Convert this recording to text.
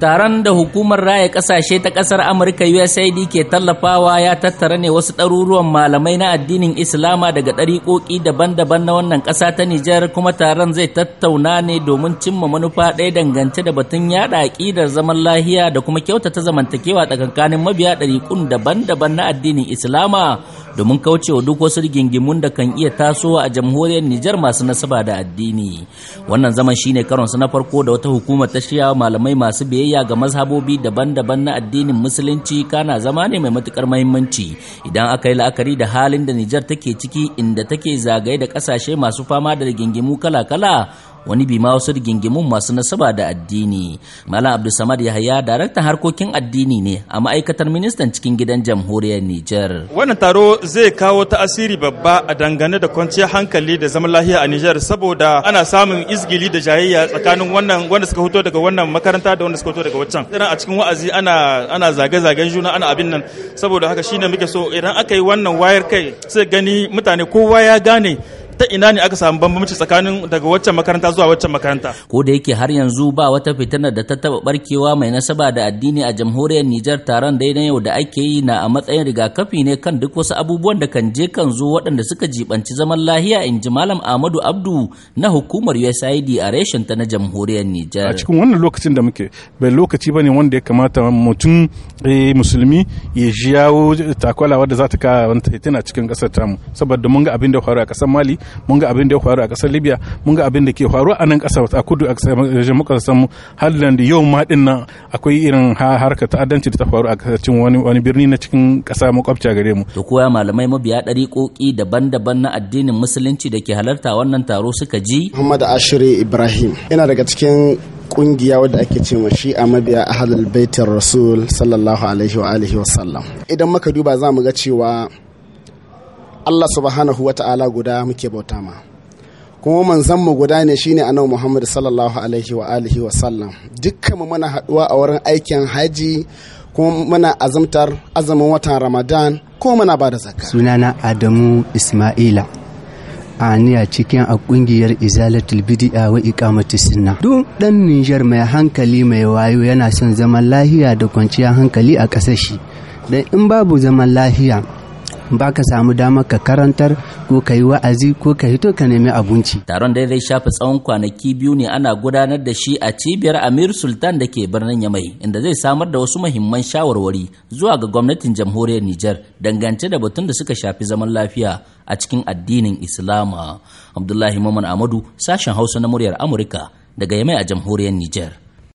taron da hukumar raya kasashe ta kasar amurka usaid ke tallafawa ya tattara ne wasu ɗaruruwan malamai na addinin islama daga ɗariƙoƙi daban-daban na wannan ƙasa ta nijar kuma taron zai tattauna ne domin cimma manufa ɗaya dangance da batun yaɗa aƙidar zaman lahiya da kuma kyautata zamantakewa tsakankanin mabiya ɗariƙun daban-daban na addinin islama domin kaucewa duk wasu rigingimun da kan iya tasowa a jamhuriyar Nijar masu nasaba da addini. Wannan zaman shine karonsu na farko da wata hukumar ta shirya malamai masu biyayya ga mazhabobi daban-daban na addinin musulunci kana zama ne mai matukar mahimmanci idan aka yi la'akari da halin da Nijar take ciki inda take zagaye da kasashe masu fama da rigingimu kala-kala wani bi ma wasu rigingimun masu nasaba da addini malam abdulsamad yahaya daraktan harkokin addini ne a ma'aikatar ministan cikin gidan jamhuriyar nijar. wannan taro zai kawo ta'asiri babba a dangane da kwanciyar hankali da zaman lafiya a nijar saboda ana samun izgili da jayayya tsakanin wannan wanda suka fito daga wannan makaranta da wanda suka fito daga waccan idan a cikin wa'azi ana ana zage-zagen juna ana abin nan saboda haka shine muke so idan aka yi wannan wayar kai sai gani mutane kowa ya gane ta ina ne aka samu bambanci tsakanin daga waccan makaranta zuwa waccan makaranta ko da yake har yanzu ba wata fitinar da ta taba barkewa mai nasaba da addini a jamhuriyar Nijar taron dai yau da ake yi na a matsayin rigakafi ne kan duk wasu abubuwan da kan je kan zo waɗanda suka jibanci zaman lahiya in ji malam Ahmadu Abdu na hukumar USAID a reshen ta na jamhuriyar Nijar a cikin wannan lokacin da muke bai lokaci bane wanda ya kamata mutum eh, musulmi ya jiyawo takwala wadda za ta kawo tana cikin kasar tamu saboda mun ga abin da faru a kasar Mali mun ga abin da ya faru a kasar libya mun ga abin da ke faru a nan kasar a kudu a jamhuriyar kasar mu halin da yau ma din nan akwai irin harkar ta'addanci da ta faru a cikin wani wani birni na cikin kasa makwabta gare mu to koya malamai mabiya ɗari ƙoƙi daban-daban na addinin musulunci da ke halarta wannan taro suka ji Muhammad Ashiri Ibrahim yana daga cikin kungiya wadda ake ce ma shi a mabiya ahlul baitin rasul sallallahu alaihi wa alihi wa sallam idan muka duba za mu ga cewa Allah subhanahu wa ta'ala guda muke bauta ma kuma manzan mu guda ne shine annabi Muhammad sallallahu alaihi wa alihi wa sallam dukkan mu muna haduwa a wurin aikin haji kuma muna azumtar azumin watan Ramadan ko muna bada zakka sunana Adamu Ismaila aniya cikin a kungiyar izalatul bid'a wa iqamati sunna duk dan Niger mai hankali mai wayo yana son zaman lahiya da kwanciyar hankali a kasashi dan in babu zaman lahiya ba ka samu damar ka karantar ko ka yi wa'azi ko ka hito ka nemi abinci. Taron dai zai shafi tsawon kwanaki biyu ne ana gudanar da shi a cibiyar Amir Sultan da ke birnin Yamai inda zai samar da wasu muhimman shawarwari zuwa ga gwamnatin jamhuriyar Nijar dangance da batun da suka shafi zaman lafiya a cikin addinin Islama. Abdullahi Maman Amadu sashen Hausa na muryar Amurka daga Yamai a jamhuriyar Nijar.